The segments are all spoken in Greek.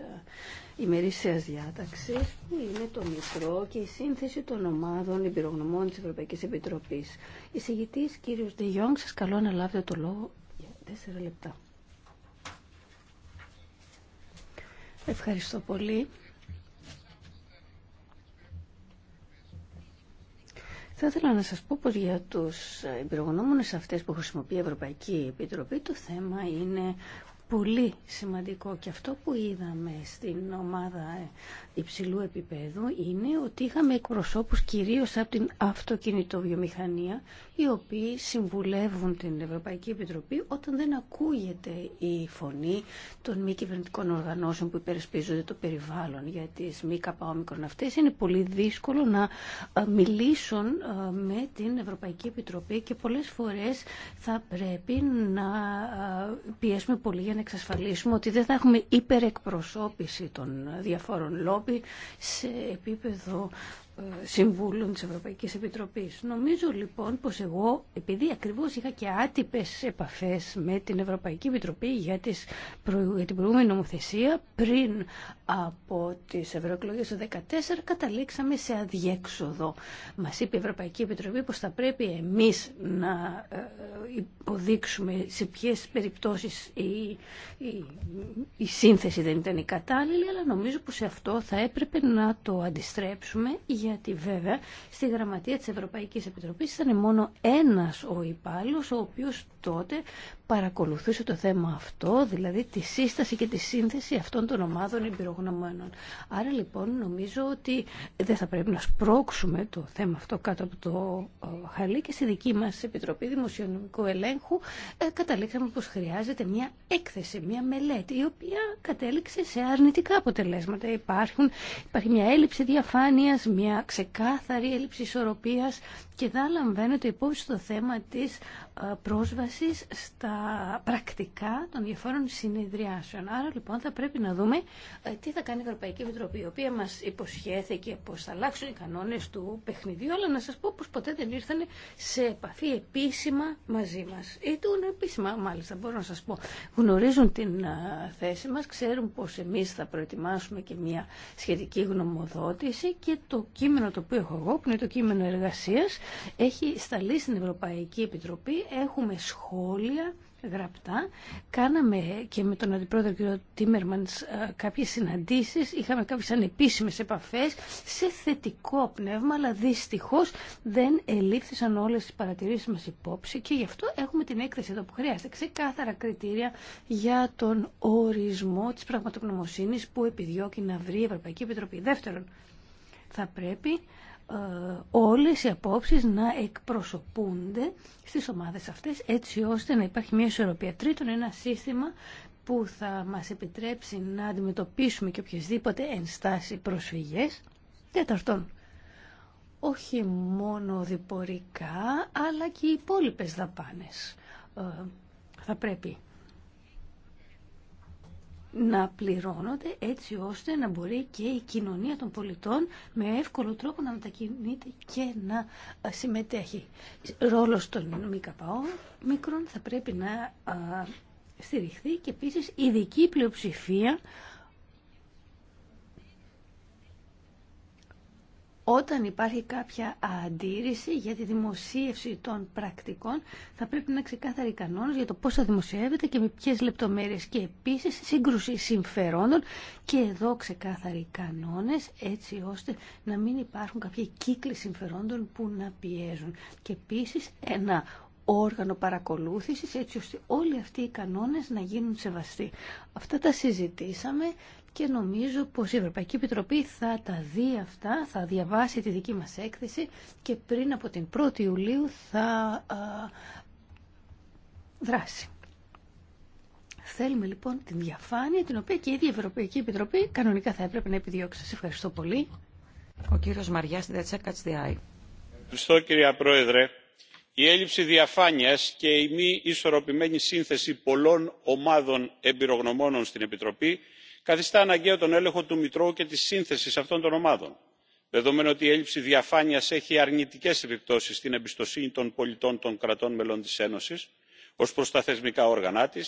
Ε, Ημερήσια διάταξη που είναι το μικρό και η σύνθεση των ομάδων εμπειρογνωμών τη Ευρωπαϊκή Επιτροπή. Εισηγητής κύριος Ντε σας καλώ να λάβετε το λόγο για τέσσερα λεπτά. Ευχαριστώ πολύ. Θα ήθελα να σας πω πως για τους υπηρογνώμονες αυτές που χρησιμοποιεί η Ευρωπαϊκή Επιτροπή το θέμα είναι πολύ σημαντικό και αυτό που είδαμε στην ομάδα ε, υψηλού επίπεδου είναι ότι είχαμε εκπροσώπους κυρίως από την αυτοκινητοβιομηχανία οι οποίοι συμβουλεύουν την Ευρωπαϊκή Επιτροπή όταν δεν ακούγεται η φωνή των μη κυβερνητικών οργανώσεων που υπερασπίζονται το περιβάλλον για τις μη καπαόμικρον αυτές είναι πολύ δύσκολο να ε, μιλήσουν ε, με την Ευρωπαϊκή Επιτροπή και πολλές φορές θα πρέπει να πιέσουμε πολύ για εξασφαλίσουμε ότι δεν θα έχουμε υπερεκπροσώπηση των διαφόρων λόμπι σε επίπεδο συμβούλων της Ευρωπαϊκής Επιτροπής. Νομίζω λοιπόν πως εγώ, επειδή ακριβώς είχα και άτυπες επαφές με την Ευρωπαϊκή Επιτροπή για, για την προηγούμενη νομοθεσία, πριν από τις ευρωεκλογές του 2014 καταλήξαμε σε αδιέξοδο. Μας είπε η Ευρωπαϊκή Επιτροπή πως θα πρέπει εμείς να ε, υποδείξουμε σε ποιες περιπτώσεις η, η, σύνθεση δεν ήταν η κατάλληλη, αλλά νομίζω πως σε αυτό θα έπρεπε να το αντιστρέψουμε για γιατί βέβαια στη γραμματεία της Ευρωπαϊκής Επιτροπής ήταν μόνο ένας ο υπάλληλος ο οποίος τότε παρακολουθούσε το θέμα αυτό, δηλαδή τη σύσταση και τη σύνθεση αυτών των ομάδων εμπειρογνωμένων. Άρα λοιπόν νομίζω ότι δεν θα πρέπει να σπρώξουμε το θέμα αυτό κάτω από το ε, χαλί και στη δική μας Επιτροπή Δημοσιονομικού Ελέγχου ε, καταλήξαμε πως χρειάζεται μια έκθεση, μια μελέτη η οποία κατέληξε σε αρνητικά αποτελέσματα. Υπάρχουν, υπάρχει μια έλλειψη διαφάνειας, μια μια ξεκάθαρη έλλειψη ισορροπίας και θα λαμβάνεται υπόψη το θέμα της ε, πρόσβασης στα πρακτικά των διαφόρων συνεδριάσεων. Άρα λοιπόν θα πρέπει να δούμε ε, τι θα κάνει η Ευρωπαϊκή Επιτροπή, η οποία μας υποσχέθηκε πως θα αλλάξουν οι κανόνες του παιχνιδιού, αλλά να σας πω πως ποτέ δεν ήρθαν σε επαφή επίσημα μαζί μας. Ή επίσημα μάλιστα μπορώ να σας πω. Γνωρίζουν την ε, θέση μας, ξέρουν πως εμείς θα προετοιμάσουμε και μια σχετική γνωμοδότηση και το το κείμενο το οποίο έχω εγώ, που είναι το κείμενο εργασίας, έχει σταλεί στην Ευρωπαϊκή Επιτροπή, έχουμε σχόλια γραπτά. Κάναμε και με τον αντιπρόεδρο κ. Τίμερμανς ε, κάποιες συναντήσεις, είχαμε κάποιες ανεπίσημες επαφές σε θετικό πνεύμα, αλλά δυστυχώς δεν ελήφθησαν όλες τις παρατηρήσεις μας υπόψη και γι' αυτό έχουμε την έκθεση εδώ που χρειάζεται. Ξεκάθαρα κριτήρια για τον ορισμό της πραγματογνωμοσύνης που επιδιώκει να βρει η Ευρωπαϊκή Επιτροπή. Δεύτερον, θα πρέπει ε, όλες οι απόψεις να εκπροσωπούνται στις ομάδες αυτές έτσι ώστε να υπάρχει μια ισορροπία. Τρίτον, ένα σύστημα που θα μας επιτρέψει να αντιμετωπίσουμε και οποιασδήποτε ενστάσει προσφυγές. Τέταρτον, όχι μόνο διπορικά αλλά και οι υπόλοιπε δαπάνες ε, θα πρέπει να πληρώνονται έτσι ώστε να μπορεί και η κοινωνία των πολιτών με εύκολο τρόπο να μετακινείται και να ε, συμμετέχει. Ρόλος των ΜΚΟ μικρών θα πρέπει να ε, στηριχθεί και επίσης ειδική πλειοψηφία Όταν υπάρχει κάποια αντίρρηση για τη δημοσίευση των πρακτικών, θα πρέπει να ξεκάθαρει κανόνες για το πώς θα δημοσιεύεται και με ποιες λεπτομέρειες και επίσης σύγκρουση συμφερόντων και εδώ ξεκάθαροι κανόνες έτσι ώστε να μην υπάρχουν κάποια κύκλοι συμφερόντων που να πιέζουν. Και επίσης ένα όργανο παρακολούθησης έτσι ώστε όλοι αυτοί οι κανόνες να γίνουν σεβαστοί. Αυτά τα συζητήσαμε και νομίζω πως η Ευρωπαϊκή Επιτροπή θα τα δει αυτά, θα διαβάσει τη δική μας έκθεση και πριν από την 1η Ιουλίου θα δράσει. Θέλουμε λοιπόν την διαφάνεια την οποία και η ίδια η Ευρωπαϊκή Επιτροπή κανονικά θα έπρεπε να επιδιώξει. Σας ευχαριστώ πολύ. Ο κύριος Μαριάς, Ευχαριστώ κυρία Πρόεδρε. Η έλλειψη διαφάνειας και η μη ισορροπημένη σύνθεση πολλών ομάδων εμπειρογνωμόνων στην Επιτροπή καθιστά αναγκαίο τον έλεγχο του μητρώου και τη σύνθεση αυτών των ομάδων δεδομένου ότι η έλλειψη διαφάνεια έχει αρνητικέ επιπτώσει στην εμπιστοσύνη των πολιτών των κρατών μελών τη ένωση ω προ τα θεσμικά όργανα τη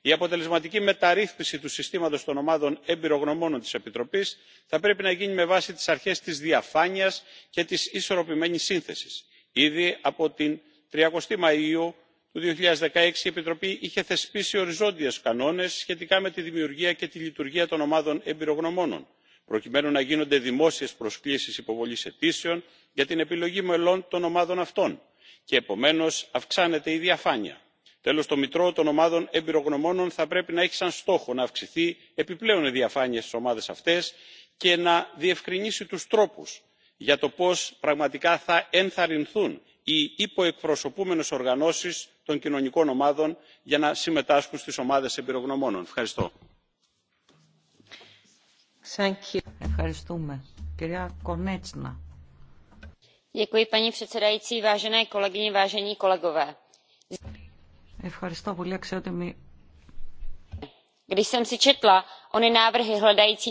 η αποτελεσματική μεταρρύθμιση του συστήματο των ομάδων εμπειρογνωμόνων τη επιτροπή θα πρέπει να γίνει με βάση τι αρχέ τη διαφάνεια και τη ισορροπημένη σύνθεση. ήδη από την 30 η μαου το 2016 η Επιτροπή είχε θεσπίσει οριζόντιες κανόνες σχετικά με τη δημιουργία και τη λειτουργία των ομάδων εμπειρογνωμόνων, προκειμένου να γίνονται δημόσιες προσκλήσεις υποβολής αιτήσεων για την επιλογή μελών των ομάδων αυτών και επομένως αυξάνεται η διαφάνεια. Τέλος, το Μητρό των Ομάδων Εμπειρογνωμόνων θα πρέπει να έχει σαν στόχο να αυξηθεί επιπλέον η διαφάνεια στις ομάδες αυτές και να διευκρινίσει τους τρόπους για το πώς πραγματικά θα ενθαρρυνθούν οι υποεκπροσωπούμενες οργανώσεις των κοινωνικών ομάδων για να συμμετάσχουν στις ομάδες εμπειρογνωμόνων. Ευχαριστώ. Ευχαριστούμε. Κυρία Κονέτσνα. Ευχαριστώ πολύ, četla ony návrhy hledající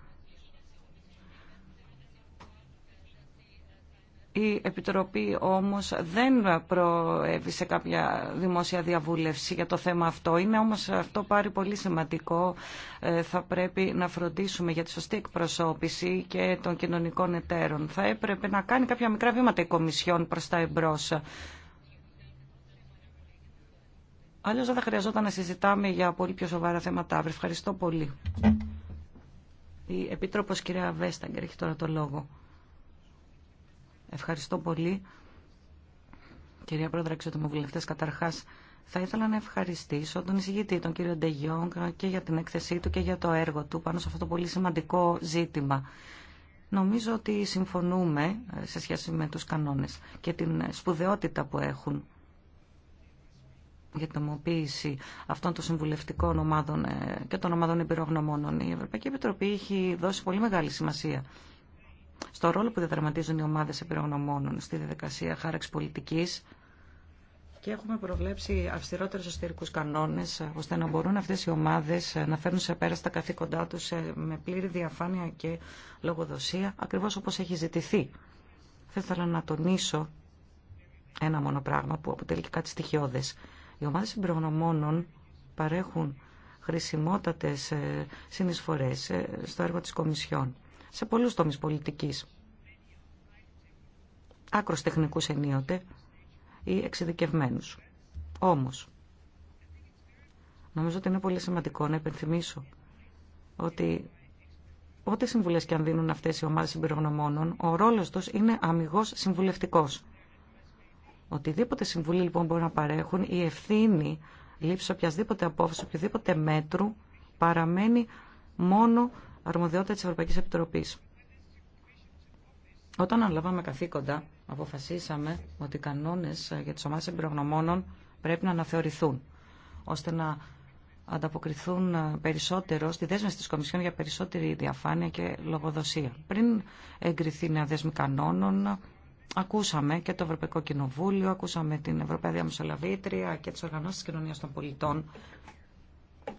Η Επιτροπή όμως δεν προέβη κάποια δημόσια διαβούλευση για το θέμα αυτό. Είναι όμως αυτό πάρει πολύ σημαντικό. Ε, θα πρέπει να φροντίσουμε για τη σωστή εκπροσώπηση και των κοινωνικών εταίρων. Θα έπρεπε να κάνει κάποια μικρά βήματα η Κομισιόν προς τα εμπρός. Αλλιώς δεν θα χρειαζόταν να συζητάμε για πολύ πιο σοβαρά θέματα αύριο. Ευχαριστώ πολύ. Η Επίτροπος κυρία Βέσταγκερ έχει τώρα το λόγο. Ευχαριστώ πολύ. Κυρία Πρόεδρε, εξωτομοβουλευτές, καταρχάς θα ήθελα να ευχαριστήσω τον εισηγητή, τον κύριο Ντεγιόγκ, και για την έκθεσή του και για το έργο του πάνω σε αυτό το πολύ σημαντικό ζήτημα. Νομίζω ότι συμφωνούμε ε, σε σχέση με τους κανόνες και την σπουδαιότητα που έχουν για την ομοποίηση αυτών των συμβουλευτικών ομάδων ε, και των ομάδων εμπειρογνωμόνων. Η Ευρωπαϊκή Επιτροπή έχει δώσει πολύ μεγάλη σημασία στο ρόλο που διαδραματίζουν οι ομάδες εμπειρογνωμόνων στη διαδικασία χάραξη πολιτικής και έχουμε προβλέψει αυστηρότερους εσωτερικούς κανόνες ώστε να μπορούν αυτές οι ομάδες να φέρνουν σε πέρα στα καθήκοντά τους με πλήρη διαφάνεια και λογοδοσία ακριβώς όπως έχει ζητηθεί. Θα ήθελα να τονίσω ένα μόνο πράγμα που αποτελεί και κάτι στοιχειώδες. Οι ομάδες εμπειρογνωμόνων παρέχουν χρησιμότατες ε, συνεισφορές ε, στο έργο της Κομισιόν σε πολλούς τομείς πολιτικής. Άκρος τεχνικούς ενίοτε ή εξειδικευμένους. Όμως, νομίζω ότι είναι πολύ σημαντικό να επενθυμίσω ότι ό,τι συμβουλές και αν δίνουν αυτές οι ομάδες συμπειρογνωμόνων, ο ρόλος τους είναι αμυγός συμβουλευτικός. Οτιδήποτε συμβουλή λοιπόν μπορεί να παρέχουν, η ευθύνη λήψη οποιασδήποτε απόφαση, οποιοδήποτε μέτρου παραμένει μόνο αρμοδιότητα της Ευρωπαϊκής Επιτροπής. Όταν αναλάβαμε καθήκοντα, αποφασίσαμε ότι οι κανόνες ε, για τις ομάδες εμπειρογνωμόνων πρέπει να αναθεωρηθούν, ώστε να ανταποκριθούν ε, περισσότερο στη δέσμευση της Κομισιόν για περισσότερη διαφάνεια και λογοδοσία. Πριν εγκριθεί νέα δέσμη κανόνων, ακούσαμε και το Ευρωπαϊκό Κοινοβούλιο, ακούσαμε την Ευρωπαϊκή Διαμεσολαβήτρια και τις οργανώσεις της κοινωνίας των πολιτών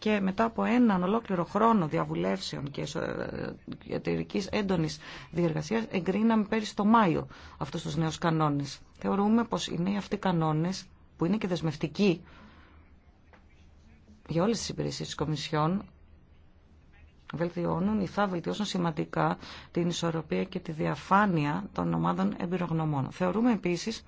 και μετά από έναν ολόκληρο χρόνο διαβουλεύσεων και εταιρική έντονη διεργασία, εγκρίναμε πέρυσι το Μάιο αυτού του νέου κανόνε. Θεωρούμε πω οι νέοι αυτοί κανόνε, που είναι και δεσμευτικοί για όλε τι υπηρεσίε τη Κομισιόν, βελτιώνουν ή θα βελτιώσουν σημαντικά την ισορροπία και τη διαφάνεια των ομάδων εμπειρογνωμών. Θεωρούμε επίσης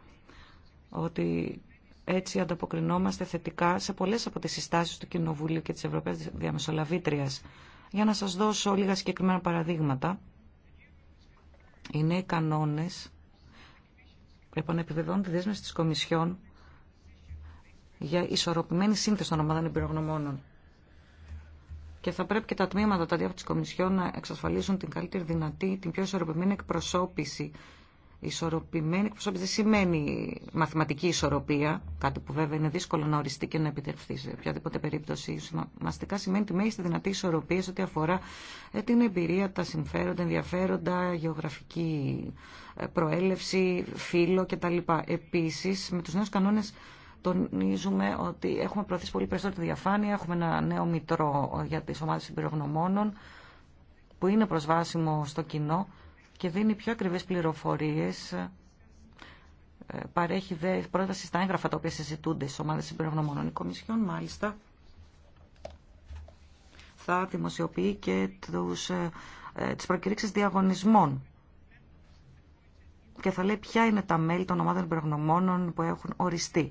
ότι έτσι ανταποκρινόμαστε θετικά σε πολλές από τις συστάσεις του Κοινοβουλίου και της Ευρωπαϊκής Διαμεσολαβήτριας. Για να σας δώσω λίγα συγκεκριμένα παραδείγματα, οι νέοι κανόνες επανεπιβεβαιώνουν τη δέσμευση της Κομισιόν για ισορροπημένη σύνθεση των ομάδων εμπειρογνωμόνων. Και θα πρέπει και τα τμήματα τα διάφορα της Κομισιόν να εξασφαλίσουν την καλύτερη δυνατή, την πιο ισορροπημένη εκπροσώπηση Ισορροπημένη εκπροσώπηση δεν σημαίνει μαθηματική ισορροπία, κάτι που βέβαια είναι δύσκολο να οριστεί και να επιτευχθεί σε οποιαδήποτε περίπτωση. Μαστικά σημαίνει τη μέγιστη δυνατή ισορροπία σε ό,τι αφορά ε, την εμπειρία, τα συμφέροντα, ενδιαφέροντα, γεωγραφική ε, προέλευση, φύλλο κτλ. Επίση, με του νέου κανόνε τονίζουμε ότι έχουμε προωθήσει πολύ περισσότερη διαφάνεια, έχουμε ένα νέο μητρό ε, για τι ομάδε συμπυρογνωμόνων που είναι προσβάσιμο στο κοινό και δίνει πιο ακριβές πληροφορίες ε, παρέχει δε πρόταση στα έγγραφα τα οποία συζητούνται στι ομάδε συμπεριγνωμόνων. κομμησιών, μάλιστα θα δημοσιοποιεί και τους, ε, ε, τις προκηρύξεις διαγωνισμών και θα λέει ποια είναι τα μέλη των ομάδων υπερογνωμόνων που έχουν οριστεί.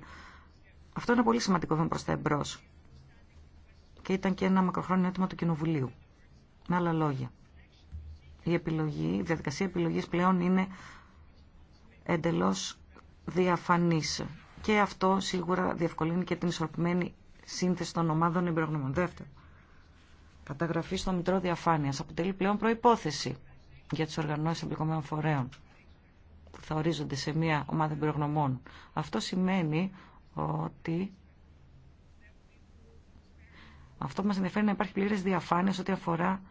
Αυτό είναι πολύ σημαντικό βήμα προς τα Και ήταν και ένα μακροχρόνιο έτοιμο του Κοινοβουλίου. Με άλλα λόγια η, επιλογή, διαδικασία επιλογής πλέον είναι εντελώς διαφανής. Και αυτό σίγουρα διευκολύνει και την ισορροπημένη σύνθεση των ομάδων εμπειρογνωμών. Δεύτερο, καταγραφή στο Μητρό Διαφάνειας αποτελεί πλέον προϋπόθεση για τις οργανώσεις εμπλεκομένων φορέων που θα ορίζονται σε μια ομάδα εμπειρογνωμών. Αυτό σημαίνει ότι αυτό που μας ενδιαφέρει να υπάρχει πλήρες διαφάνειας ό,τι αφορά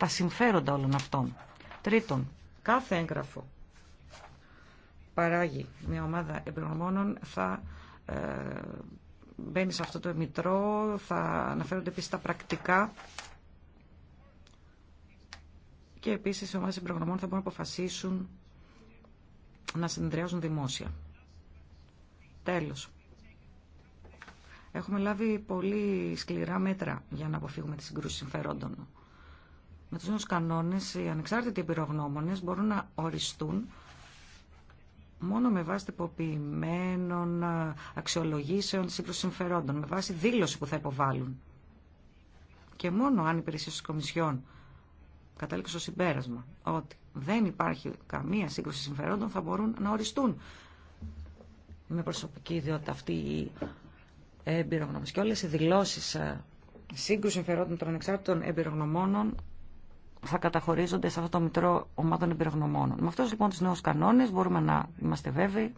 τα συμφέροντα όλων αυτών. Τρίτον, κάθε έγγραφο παράγει μια ομάδα εμπειρογνωμόνων θα ε, μπαίνει σε αυτό το μητρό, θα αναφέρονται επίσης τα πρακτικά και επίσης οι ομάδες εμπειρογνωμόνων θα μπορούν να αποφασίσουν να συνδυάζουν δημόσια. Τέλος. Έχουμε λάβει πολύ σκληρά μέτρα για να αποφύγουμε τις συγκρούσεις συμφερόντων. Με τους νέους κανόνες οι ανεξάρτητοι εμπειρογνώμονες μπορούν να οριστούν μόνο με βάση τυποποιημένων ε, αξιολογήσεων σύγκρουση συμφερόντων, με βάση δήλωση που θα υποβάλουν. Και μόνο αν υπηρεσίε της Κομισιόν καταλήξουν στο συμπέρασμα ότι δεν υπάρχει καμία σύγκρουση συμφερόντων θα μπορούν να οριστούν με προσωπική ιδιότητα αυτή η εμπειρογνώμηση. Και όλες οι δηλώσεις ε, σύγκρουση συμφερόντων των ανεξάρτητων εμπειρογνωμόνων θα καταχωρίζονται σε αυτό το Μητρό Ομάδων Εμπειρογνωμόνων. Με αυτού λοιπόν τους νέους κανόνες μπορούμε να είμαστε βέβαιοι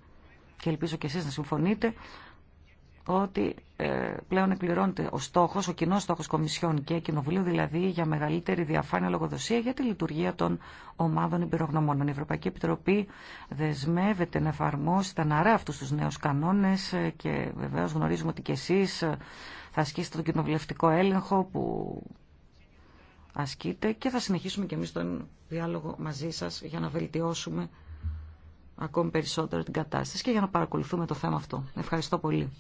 και ελπίζω και εσείς να συμφωνείτε ότι ε, πλέον εκπληρώνεται ο στόχος, ο κοινός στόχος Κομισιόν και Κοινοβουλίου, δηλαδή για μεγαλύτερη διαφάνεια λογοδοσία για τη λειτουργία των ομάδων εμπειρογνωμόνων. Η Ευρωπαϊκή Επιτροπή δεσμεύεται να εφαρμόσει τα ναρά αυτούς τους νέους κανόνες ε, και βεβαίως γνωρίζουμε ότι και εσείς ε, θα ασκήσετε τον κοινοβουλευτικό έλεγχο που ασκείτε και θα συνεχίσουμε και εμείς τον διάλογο μαζί σας για να βελτιώσουμε ακόμη περισσότερο την κατάσταση και για να παρακολουθούμε το θέμα αυτό. Ευχαριστώ πολύ.